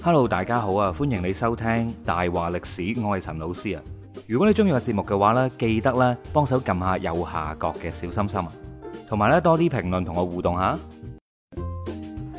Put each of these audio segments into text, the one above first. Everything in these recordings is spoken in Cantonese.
Hello，大家好啊，歡迎你收聽大話歷史，我係陳老師啊。如果你中意個節目嘅話呢，記得咧幫手撳下右下角嘅小心心啊，同埋咧多啲評論同我互動吓。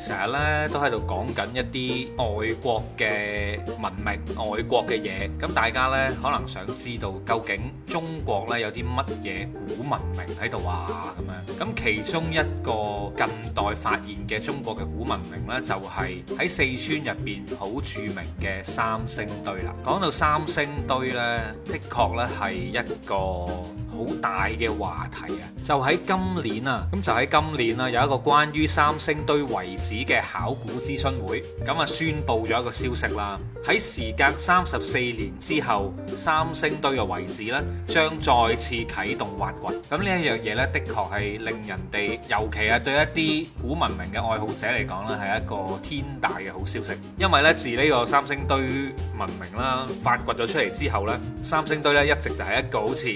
成日咧都喺度講緊一啲外國嘅文明、外國嘅嘢，咁大家呢可能想知道究竟中國呢有啲乜嘢古文明喺度啊？咁樣，咁其中一個近代發現嘅中國嘅古文明呢，就係喺四川入邊好著名嘅三星堆啦。講到三星堆呢，的確呢係一個。好大嘅話題啊！就喺今年啊，咁就喺今年啦，有一個關於三星堆遺址嘅考古諮詢會，咁啊宣佈咗一個消息啦。喺時隔三十四年之後，三星堆嘅遺址呢將再次啟動挖掘。咁呢一樣嘢呢，的確係令人哋，尤其係對一啲古文明嘅愛好者嚟講，呢係一個天大嘅好消息。因為呢，自呢個三星堆文明啦發掘咗出嚟之後呢，三星堆呢一直就係一個好似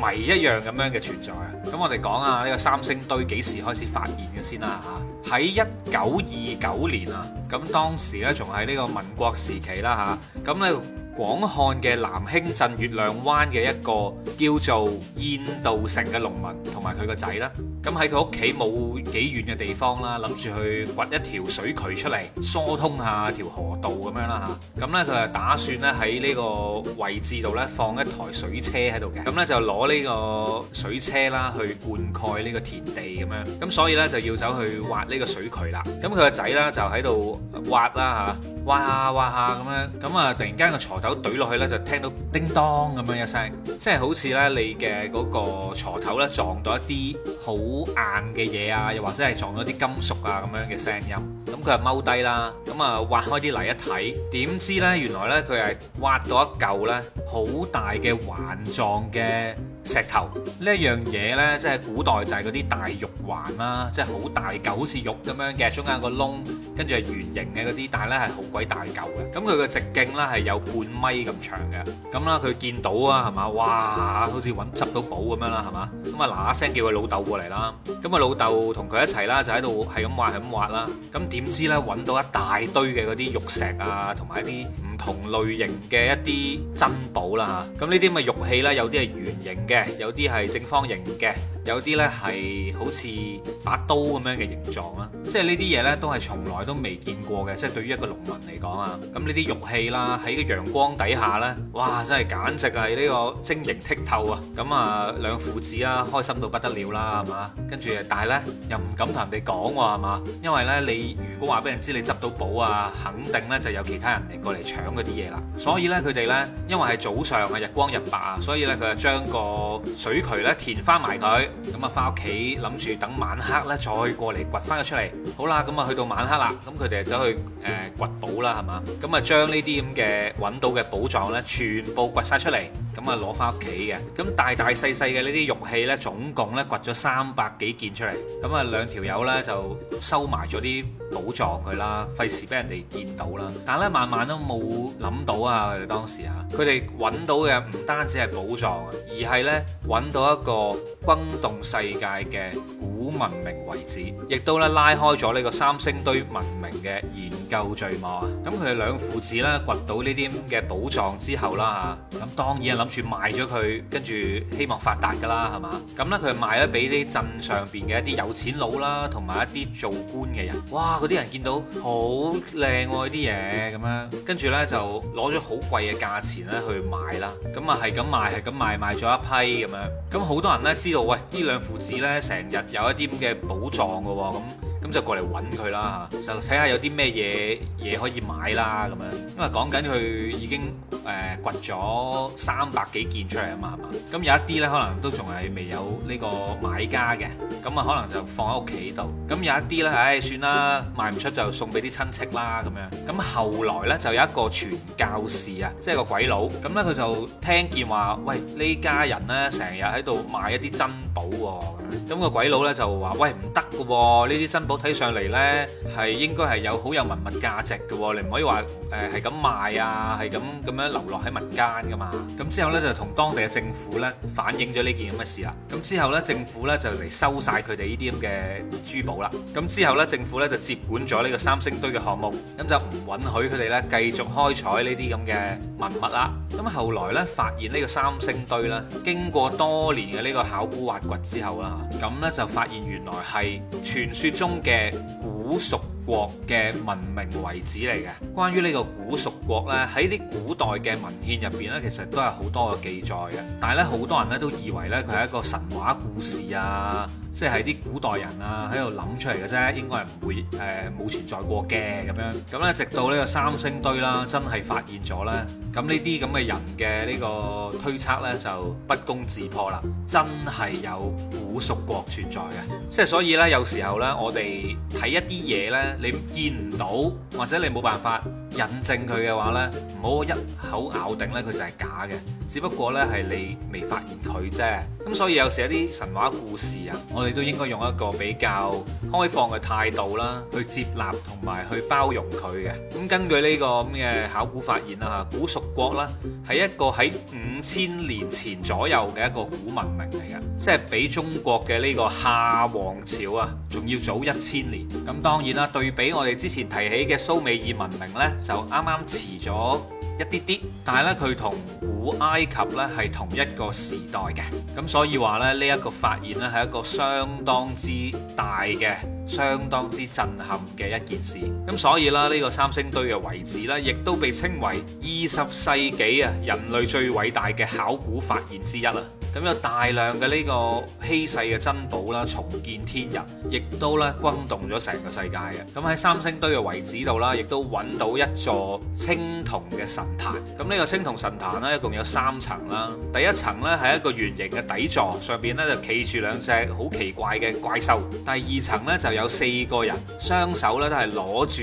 謎一樣咁樣嘅存在啊！咁我哋講下呢個三星堆幾時開始發現嘅先啦？嚇，喺一九二九年啊，咁當時呢仲喺呢個民國時期啦吓，咁呢廣漢嘅南興鎮月亮灣嘅一個叫做燕道城嘅農民同埋佢個仔咧。咁喺佢屋企冇幾遠嘅地方啦，諗住去掘一條水渠出嚟，疏通下條河道咁樣啦吓，咁呢，佢就打算呢喺呢個位置度呢，放一台水車喺度嘅。咁呢，就攞呢個水車啦去灌溉呢個田地咁樣。咁所以呢，就要走去挖呢個水渠啦。咁佢個仔呢，就喺度挖啦吓，挖下挖下咁樣。咁啊突然間個鋤頭懟落去呢，就聽到叮當咁樣一聲，即係好似呢你嘅嗰個鋤頭呢撞到一啲好好硬嘅嘢啊，又或者係撞咗啲金屬啊咁樣嘅聲音，咁佢就踎低啦，咁啊挖開啲泥一睇，點知呢？原來呢，佢係挖到一嚿呢，好大嘅環狀嘅。石頭呢一樣嘢呢，即係古代就係嗰啲大玉環啦，即係好大嚿，好似玉咁樣嘅，中間有個窿，跟住係圓形嘅嗰啲，但係呢係好鬼大嚿嘅，咁佢嘅直徑呢，係有半米咁長嘅，咁啦佢見到啊係嘛，哇，好似揾執到寶咁樣啦係嘛，咁啊嗱嗱聲叫佢老豆過嚟啦，咁啊老豆同佢一齊啦就喺度係咁挖係咁挖啦，咁點知呢，揾到一大堆嘅嗰啲玉石啊，同埋一啲。同類型嘅一啲珍寶啦嚇，咁呢啲咪玉器啦，有啲係圓形嘅，有啲係正方形嘅。有啲呢係好似把刀咁樣嘅形狀啊，即係呢啲嘢呢都係從來都未見過嘅，即係對於一個農民嚟講啊，咁呢啲玉器啦喺個陽光底下呢，哇！真係簡直係呢個晶瑩剔透啊！咁啊，兩父子啊開心到不得了啦，係嘛？跟住但係呢，又唔敢同人哋講喎，係嘛？因為呢，你如果話俾人知你執到寶啊，肯定呢就有其他人嚟過嚟搶嗰啲嘢啦。所以呢，佢哋呢，因為係早上啊日光日白啊，所以呢，佢就將個水渠呢填翻埋佢。咁啊，翻屋企諗住等晚黑呢再過嚟掘翻佢出嚟。好啦，咁啊，去到晚黑啦，咁佢哋走去誒掘寶啦，係嘛？咁啊，將呢啲咁嘅揾到嘅寶藏呢，全部掘晒出嚟。咁啊，攞翻屋企嘅，咁大大細細嘅呢啲玉器咧，總共咧掘咗三百幾件出嚟。咁啊，兩條友咧就收埋咗啲寶藏佢啦，費事俾人哋見到啦。但係咧，慢慢都冇諗到啊，佢哋當時嚇，佢哋揾到嘅唔單止係寶藏，而係咧揾到一個轟動世界嘅古文明遺址，亦都咧拉開咗呢個三星堆文明嘅研究序幕啊。咁佢哋兩父子咧掘到呢啲咁嘅寶藏之後啦嚇，咁當然諗住賣咗佢，跟住希望發達噶啦，係嘛？咁呢，佢賣咗俾啲鎮上邊嘅一啲有錢佬啦，同埋一啲做官嘅人。哇！嗰啲人見到好靚喎，啲嘢咁樣，跟住呢就攞咗好貴嘅價錢咧去買啦。咁啊係咁賣，係咁賣，賣，賣咗一批咁樣。咁好多人呢知道，喂，呢兩父子呢，成日有一啲咁嘅寶藏噶喎，咁。咁就過嚟揾佢啦，就睇下有啲咩嘢嘢可以買啦咁樣，因為講緊佢已經誒掘咗三百幾件出嚟啊嘛，係嘛，咁有一啲呢，可能都仲係未有呢個買家嘅，咁啊可能就放喺屋企度，咁有一啲呢，唉、哎、算啦，賣唔出就送俾啲親戚啦咁樣，咁後來呢，就有一個傳教士啊，即係個鬼佬，咁呢，佢就聽見話，喂，呢家人呢，成日喺度買一啲珍寶喎、啊。咁個鬼佬咧就話：喂，唔得嘅喎，呢啲珍寶睇上嚟呢，係應該係有好有文物價值嘅喎，你唔可以話誒係咁賣啊，係咁咁樣流落喺民間噶嘛。咁之後呢，就同當地嘅政府呢反映咗呢件咁嘅事啦。咁之後呢，政府呢就嚟收晒佢哋呢啲咁嘅珠寶啦。咁之後呢，政府呢就接管咗呢個三星堆嘅項目，咁就唔允許佢哋呢繼續開採呢啲咁嘅文物啦。咁後來呢，發現呢個三星堆呢，經過多年嘅呢個考古挖掘之後啦。咁呢，就發現原來係傳說中嘅古蜀國嘅文明遺址嚟嘅。關於呢個古蜀國呢，喺啲古代嘅文獻入邊呢，其實都係好多嘅記載嘅。但係咧，好多人咧都以為呢，佢係一個神話故事啊。即係啲古代人啊，喺度諗出嚟嘅啫，應該係唔會誒冇、呃、存在過嘅咁樣。咁咧，直到呢個三星堆啦，真係發現咗咧，咁呢啲咁嘅人嘅呢個推測呢，就不攻自破啦，真係有古蜀國存在嘅。即係所以呢，有時候呢，我哋睇一啲嘢呢，你見唔到或者你冇辦法，引證佢嘅話呢，唔好一口咬定呢，佢就係假嘅，只不過呢，係你未發現佢啫。咁所以有時一啲神話故事啊，我哋都應該用一個比較開放嘅態度啦，去接納同埋去包容佢嘅。咁根據呢個咁嘅考古發現啦，哈，古蜀國咧係一個喺五千年前左右嘅一個古文明嚟嘅，即係比中國嘅呢個夏王朝啊仲要早一千年。咁當然啦，對比我哋之前提起嘅蘇美爾文明呢。就啱啱遲咗一啲啲，但係呢，佢同古埃及呢係同一個時代嘅，咁所以話呢，呢一個發現呢係一個相當之大嘅、相當之震撼嘅一件事，咁所以呢，呢個三星堆嘅位置呢，亦都被稱為二十世紀啊人類最偉大嘅考古發現之一啦。咁有大量嘅呢個稀世嘅珍寶啦，重見天日，亦都咧轟動咗成個世界嘅。咁喺三星堆嘅遺址度啦，亦都揾到一座青銅嘅神壇。咁呢個青銅神壇咧，一共有三層啦。第一層呢，係一個圓形嘅底座，上邊呢就企住兩隻好奇怪嘅怪獸。第二層呢，就有四個人，雙手呢都係攞住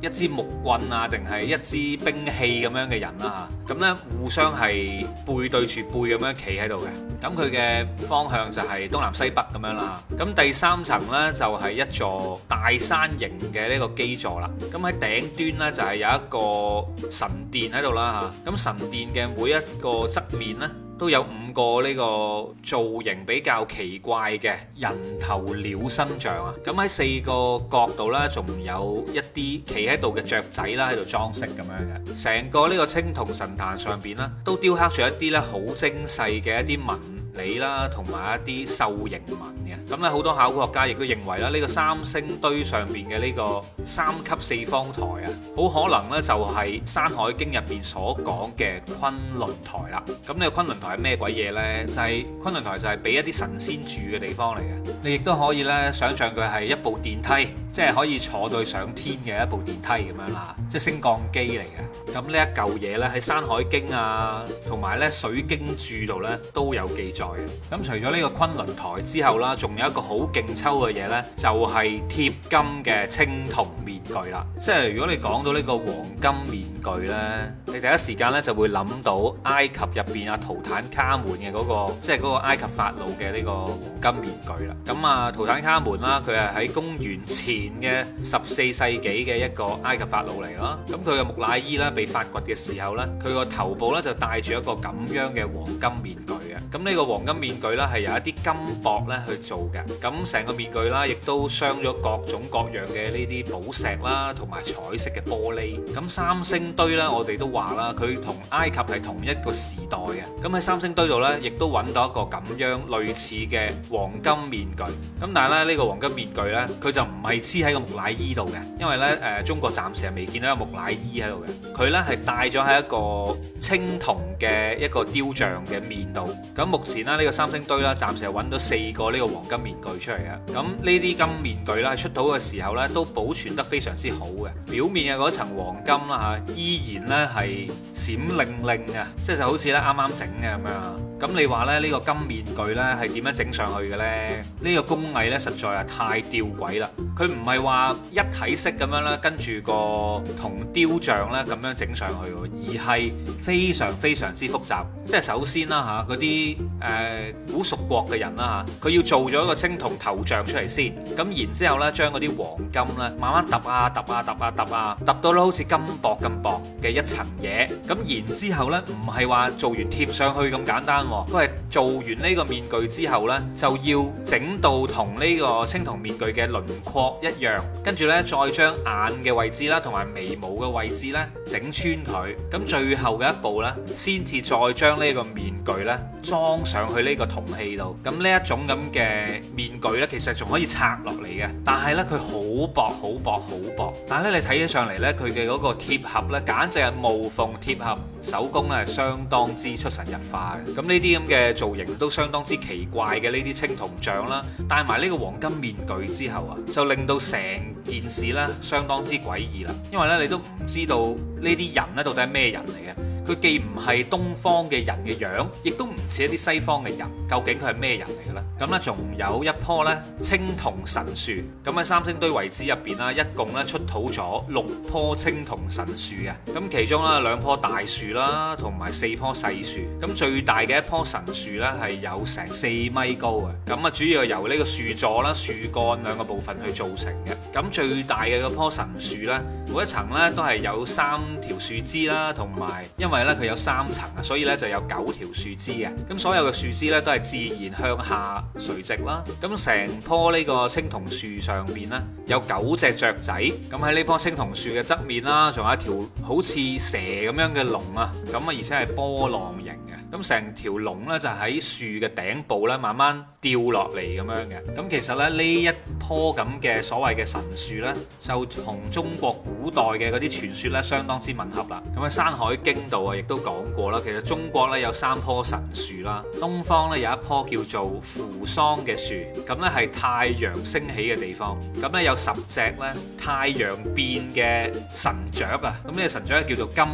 一支木棍啊，定係一支兵器咁樣嘅人啦嚇。咁咧互相係背對住背咁樣企喺度嘅。咁佢嘅方向就係東南西北咁樣啦。咁第三層呢，就係一座大山形嘅呢個基座啦。咁喺頂端呢，就係有一個神殿喺度啦嚇。咁神殿嘅每一個側面呢，都有五個呢個造型比較奇怪嘅人頭鳥身像啊！咁喺四個角度呢，仲有一啲企喺度嘅雀仔啦，喺度裝飾咁樣嘅。成個呢個青銅神壇上邊呢，都雕刻住一啲呢好精細嘅一啲紋。你啦，同埋一啲獸形文嘅，咁咧好多考古學家亦都認為啦，呢個三星堆上邊嘅呢個三級四方台啊，好可能呢就係《山海經》入邊所講嘅崑崙台啦。咁呢個崑崙台係咩鬼嘢呢？就係崑崙台就係俾一啲神仙住嘅地方嚟嘅。你亦都可以咧想像佢係一部電梯。即係可以坐對上天嘅一部電梯咁樣啦，即係升降機嚟嘅。咁呢一嚿嘢咧喺《山海經》啊，同埋咧《水經注》度咧都有記載嘅。咁除咗呢個昆崙台之後啦，仲有一個好勁抽嘅嘢咧，就係貼金嘅青銅面具啦。即係如果你講到呢個黃金面具。具咧，你第一時間咧就會諗到埃及入邊阿圖坦卡門嘅嗰個，即係嗰個埃及法老嘅呢個黃金面具啦。咁啊，圖坦卡門啦，佢係喺公元前嘅十四世紀嘅一個埃及法老嚟咯。咁佢嘅木乃伊啦，被發掘嘅時候咧，佢個頭部咧就戴住一個咁樣嘅黃金面具。咁呢個黃金面具咧係由一啲金箔咧去做嘅，咁成個面具啦，亦都鑲咗各種各樣嘅呢啲寶石啦，同埋彩色嘅玻璃。咁三星堆咧，我哋都話啦，佢同埃及係同一個時代嘅，咁喺三星堆度咧，亦都揾到一個咁樣類似嘅黃金面具。咁但係咧，呢個黃金面具咧，佢就唔係黐喺個木乃伊度嘅，因為咧誒，中國暫時係未見到有木乃伊喺度嘅，佢咧係戴咗喺一個青銅嘅一個雕像嘅面度。咁目前呢，呢個三星堆呢，暫時係揾到四個呢個黃金面具出嚟嘅。咁呢啲金面具呢出到嘅時候呢，都保存得非常之好嘅，表面嘅嗰層黃金啦，依然呢係閃靈靈嘅，即係就好似呢啱啱整嘅咁樣。咁你話咧，呢個金面具咧係點樣整上去嘅咧？呢個工藝咧實在係太吊詭啦！佢唔係話一體式咁樣咧，跟住個銅雕像咧咁樣整上去，而係非常非常之複雜，即係首先啦吓啲誒古蜀國嘅人啦嚇，佢要做咗一個青銅頭像出嚟先，咁然之後咧將啲黃金咧慢慢揼啊揼啊揼啊揼啊揼到咧好似金箔咁薄嘅一層嘢，咁然之後咧唔係話做完貼上去咁簡單。都係做完呢個面具之後呢，就要整到同呢個青銅面具嘅輪廓一樣，跟住呢，再將眼嘅位置啦，同埋眉毛嘅位置呢，整穿佢，咁最後嘅一步呢，先至再將呢個面具呢裝上去呢個銅器度。咁呢一種咁嘅面具呢，其實仲可以拆落嚟嘅，但係呢，佢好薄好薄好薄，但係咧你睇起上嚟呢，佢嘅嗰個貼合呢，簡直係無縫貼合，手工咧係相當之出神入化嘅。咁呢？呢啲咁嘅造型都相當之奇怪嘅，呢啲青銅像啦，戴埋呢個黃金面具之後啊，就令到成件事咧相當之詭異啦。因為咧，你都唔知道呢啲人咧到底係咩人嚟嘅。佢既唔係東方嘅人嘅樣，亦都唔似一啲西方嘅人。究竟佢係咩人嚟嘅呢？咁呢，仲有一棵呢青銅神樹。咁喺三星堆遺址入邊啦，一共咧出土咗六棵青銅神樹嘅。咁其中啦兩棵大樹啦，同埋四棵細樹。咁最大嘅一棵神樹呢，係有成四米高嘅。咁啊主要係由呢個樹座啦、樹幹兩個部分去造成嘅。咁最大嘅嗰棵神樹呢，每一層呢，都係有三條樹枝啦，同埋因為係咧，佢有三層啊，所以咧就有九條樹枝嘅。咁所有嘅樹枝咧都係自然向下垂直啦。咁成棵呢個青銅樹上面咧，有九隻雀仔。咁喺呢棵青銅樹嘅側面啦，仲有一條好似蛇咁樣嘅龍啊。咁啊，而且係波浪形。咁成條龍咧就喺樹嘅頂部咧，慢慢掉落嚟咁樣嘅。咁其實咧呢一棵咁嘅所謂嘅神樹咧，就同中國古代嘅嗰啲傳說咧相當之吻合啦。咁啊《山海經》度啊亦都講過啦，其實中國咧有三棵神樹啦。東方咧有一棵叫做扶桑嘅樹，咁咧係太陽升起嘅地方。咁咧有十隻咧太陽變嘅神雀啊，咁呢個神雀叫做金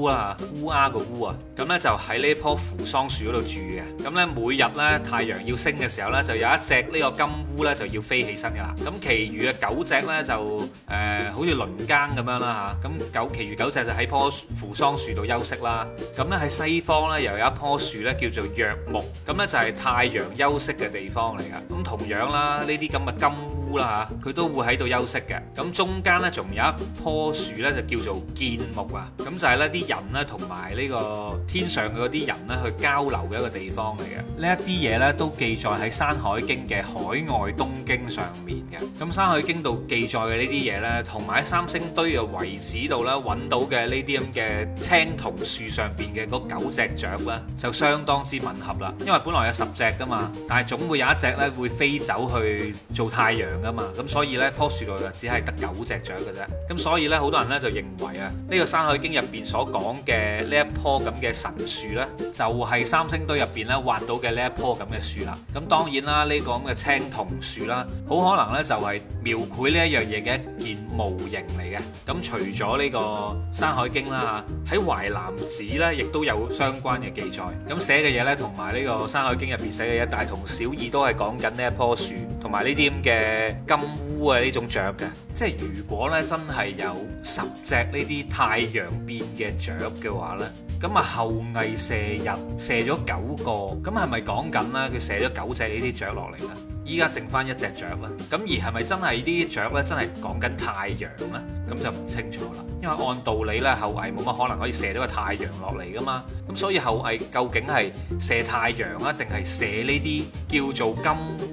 烏啊，烏鴉個烏啊。咁咧就喺呢棵扶桑樹嗰度住嘅，咁呢，每日呢，太陽要升嘅時候呢，就有一隻呢個金烏呢，就要飛起身噶啦，咁其餘嘅九隻呢，就誒、呃，好似輪更咁樣啦吓，咁九其餘九隻就喺棵扶桑樹度休息啦，咁呢，喺西方呢，又有一棵樹呢，叫做若木，咁呢，就係太陽休息嘅地方嚟噶，咁同樣啦，呢啲咁嘅金烏啦吓，佢都會喺度休息嘅，咁中間呢，仲有一棵樹呢，就叫做建木啊，咁就係呢啲人呢，同埋呢個天上嘅嗰啲人。去交流嘅一個地方嚟嘅，呢一啲嘢呢，都記載喺《山海經》嘅海外東經上面嘅。咁《山海經》度記載嘅呢啲嘢呢，同埋喺三星堆嘅遺址度咧揾到嘅呢啲咁嘅青銅樹上邊嘅嗰九隻雀呢，就相當之吻合啦。因為本來有十隻噶嘛，但係總會有一隻呢，會飛走去做太陽噶嘛，咁所以呢，棵樹度就只係得九隻雀嘅啫。咁所以呢，好多人呢，就認為啊，呢個《山海經》入邊所講嘅呢一棵咁嘅神樹呢。就係三星堆入邊咧挖到嘅呢一棵咁嘅樹啦。咁當然啦，呢個咁嘅青銅樹啦，好可能咧就係描繪呢一樣嘢嘅一件模型嚟嘅。咁除咗呢個《山海經》啦嚇，喺淮南子咧亦都有相關嘅記載。咁寫嘅嘢咧，同埋呢個《山海經》入邊寫嘅嘢，大同小異，都係講緊呢一棵樹同埋呢啲咁嘅金烏啊呢種雀嘅。即係如果咧真係有十隻呢啲太陽變嘅雀嘅話咧。咁啊，後羿射日射咗九個，咁係咪講緊咧？佢射咗九隻呢啲雀落嚟咧，依家剩翻一隻雀啦。咁而係咪真係呢啲雀咧？真係講緊太陽咧？咁就唔清楚啦。因為按道理咧，後羿冇乜可能可以射到個太陽落嚟噶嘛，咁所以後羿究竟係射太陽啊，定係射呢啲叫做金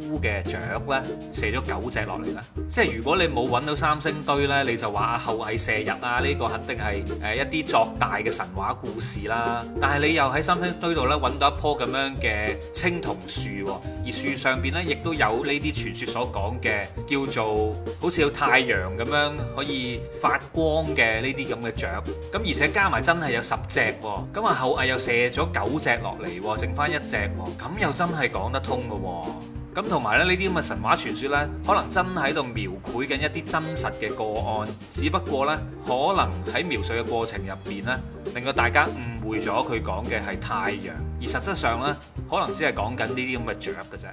烏嘅雀呢？射咗九隻落嚟啦。即係如果你冇揾到三星堆呢，你就話啊後羿射日啊，呢個肯定係誒一啲作大嘅神話故事啦。但係你又喺三星堆度揾到一棵咁樣嘅青銅樹，而樹上邊呢，亦都有呢啲傳説所講嘅叫做好似有太陽咁樣可以發光嘅。呢啲咁嘅雀，咁而且加埋真係有十隻，咁啊後羿又射咗九隻落嚟，剩翻一隻，咁又真係講得通嘅。咁同埋咧，呢啲咁嘅神話傳說呢，可能真喺度描繪緊一啲真實嘅個案，只不過呢，可能喺描述嘅過程入邊呢，令到大家誤會咗佢講嘅係太陽，而實質上呢，可能只係講緊呢啲咁嘅雀嘅啫。